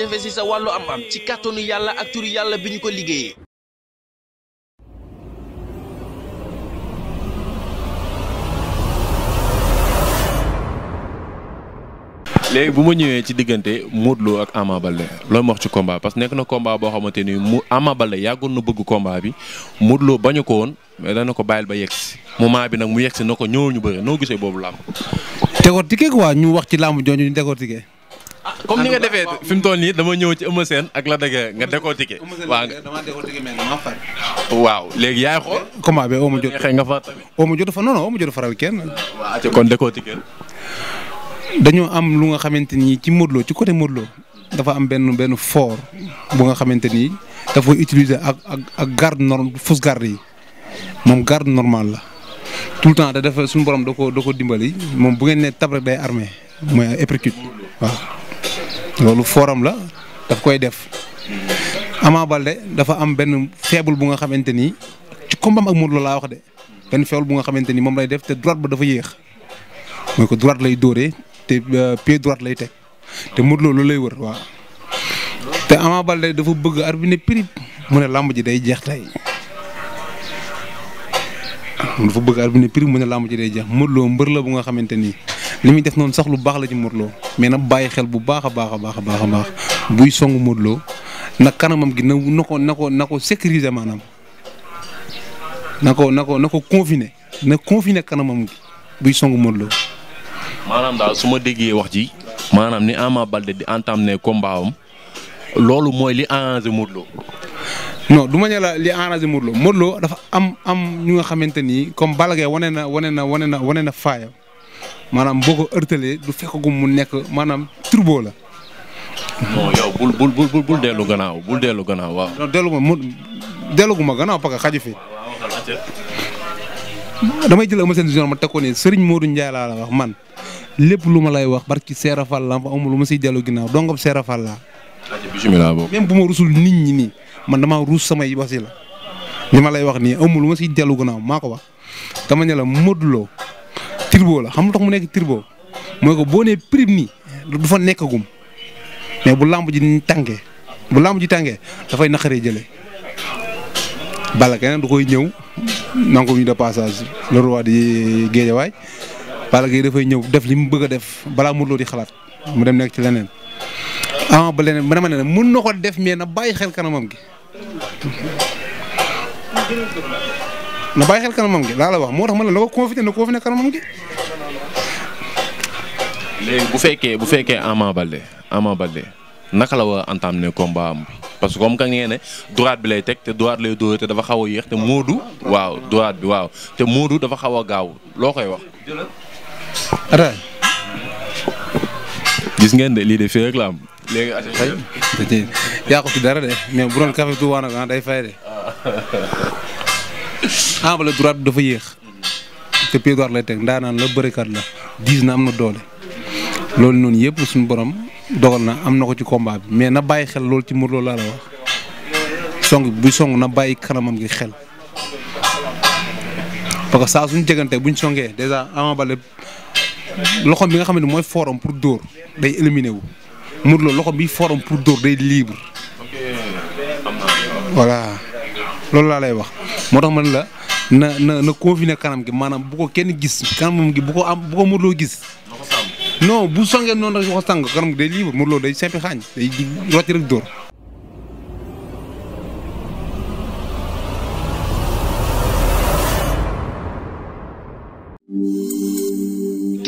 jafe sa wàllu am ci kàttanu yàlla ak turu yàlla bi ñu ko liggéeyee. léegi bu ma ñëwee ci diggante Modou Lo ak Ama Baldé loolu ma wax ci combat parce nekk na combat boo xamante ni mu Ama Baldé na bëgg combat bi Modou Lo bañu ko woon mais dana ko bàyyil ba yegg si moment bi nag mu yegg si na ko ñëw ñu bëri noo gisee boobu làmb. décortiquer quoi ñu wax ci làmb jooju ñu décortiquer. comme ni nga defee fi mu toll nii dama ñëw ci Eumeu ak la dëgg nga décortiqué. waaw dama décortiqué mais dama far. waaw léegi yaay xool. Eh, combat bi Eumeu jot xëy nga fa tamit. Eumeu jot fa non non Eumeu jot fa raw kenn. waaw ci kon dañoo am lu nga xamante ni ci Modou Lo ci côté Modou dafa am benn benn fort bu nga xamante ni dafa utiliser ak ak ak garde norme fausse garde yi moom garde normal la. tout le temps da dafa suñu borom da ko da ko dimbali moom bu ngeen ne tab rek day armé mooy ay uppercut loolu fooram la daf koy def Ama Baldé dafa am benn faible bu nga xamante ni ci combat ak Modou laa wax de benn faible bu nga xamante ni moom lay def te droite ba dafa yéex mooy ko droite lay dóoree te euh, pied droite lay teg te Modou Lo loolu lay wër waaw. te Ama Baldé dafa bëgg arbitre ne mu ne làmb ji day jeex tey dafa bëgg arbitre ne prip mu ne làmb ji day jeex Modou mbër la bu nga xamante nii li muy def noonu sax lu baax la ci Modou mais na bàyyi xel bu baax baax a baax a baax buy songu Modou Lo nag kanamam gi na na ko na na ko sécuriser maanaam na ko na ko na ko confiner na confiner kanamam gi buy songu Modou Lo. maanaam daal su ma déggee wax ji maanaam ni Ama Baldé di entamer combat am loolu mooy li arrangé Modou Lo. du ma ne la li arrangé Modou Lo dafa am am ñu nga xamante ni comme Balla Gaye wane na wane na wane na wane na faaya maanaam boo ko ërtalee du fekkagum mu nekk maanaam turbo la. bon yow bul bul bul bul dellu gannaaw bul dellu gannaaw waaw. non dellu ma mu dellu gu ma gannaaw parce xaju fi. damay jël Eumeu Sène junior ma teg sëriñ nii Serigne Modou wax man lépp lu ma lay wax barki Serap Fall la amul lu ma siy dellu ginaaw dongam Serap Fall laa. bisimilah boobu bu ma rusul nit ñi nii man damaa ruus samay wasi la. li ma lay wax nii amul lu ma si dellu ginnaaw maa ko wax dama ne la Modou turbo la xam nga tax mu nekk turbo mooy ko boo nee prime nii du fa nekkagum mais bu làmb ji tàngee bu làmb ji tàngee dafay naqaree jële Balla keneen du koy ñëw nangu ñu de passage le roi di Guédiawaye Balla Gaye dafay ñëw def li mu bëgg a def balaa mu loo di xalaat mu dem nekk ci leneen ah ba leneen man ma ne mën na def mee na bàyyi xel kanamam gi. na bàyyi xel kanamam gi laa la wax moo tax ma ne la ko confiné na confiné kanamam gi. léegi bu fekkee bu fekkee Ama Baldé Ama Baldé naka la war a entamé combat am parce que comme que ngeen ne droite bi lay teg te droite lay dóor te dafa xaw a yéex te Moodu waaw droite bi waaw te Moodu dafa xaw a gaaw loo koy wax. ata gis ngeen de lii de fii rek la am. yaa ko ci dara de mais bu doon café Touba nag ah, day fay de. Ah, Ama Baldé droite bi dafa yéex. te pied lay teg ndaanaan la bërikat la diis na am na doole. loolu noonu yëpp suñu boroom dogal na am na ko ci combat bi mais na bàyyi xel loolu ci Modou Lo laa la wax song bu song na bàyyi kanamam gi xel. parce que saa suñu jegante buñ songee dèjà Ama Baldé loxom bi nga xam ne mooy forum pour dóor day éliminé wu Modou Lo loxom bi forum pour dóor day libre. voilà loolu laa lay wax. moo tax man la na na na confiné kanam gi maanaam bu ko kenn gis kanamam gi bu ko am bu ko gis. no bu songee noonu rek bu ko sàng kanam gi day libre Modou Lo day simpi xaañ day rotti rek dóor.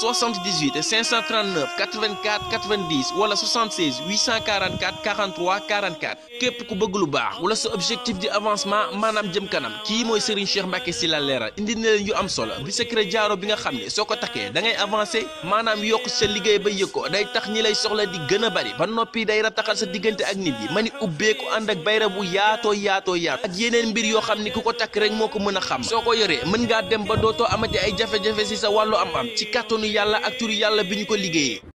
78 539 84 90 wala 76 844 43 44 képp ku bëgg lu baax wala sa objectif di avancement maanaam jëm kanam kii mooy Serigne Cheikh Mbacke si la leeral indi na leen yu am solo bi secret jaaro bi nga xam ne soo ko takkee da ngay avancé maanaam yokk sa liggéey ba yëg ko day tax ñi lay soxla di gën a bari ba noppi day rataxal sa diggante ak nit yi ma ni ubbee ko ànd ak bayra bu yaatoo yaatoo yaatoo ak yeneen mbir yoo xam ne ku ko takk rek moo ko mën a xam soo ko yoree mën ngaa dem ba dootoo amati ay jafe si sa wàllu am-am ci kàttanu yàlla ak turu bi ñu ko liggéeyee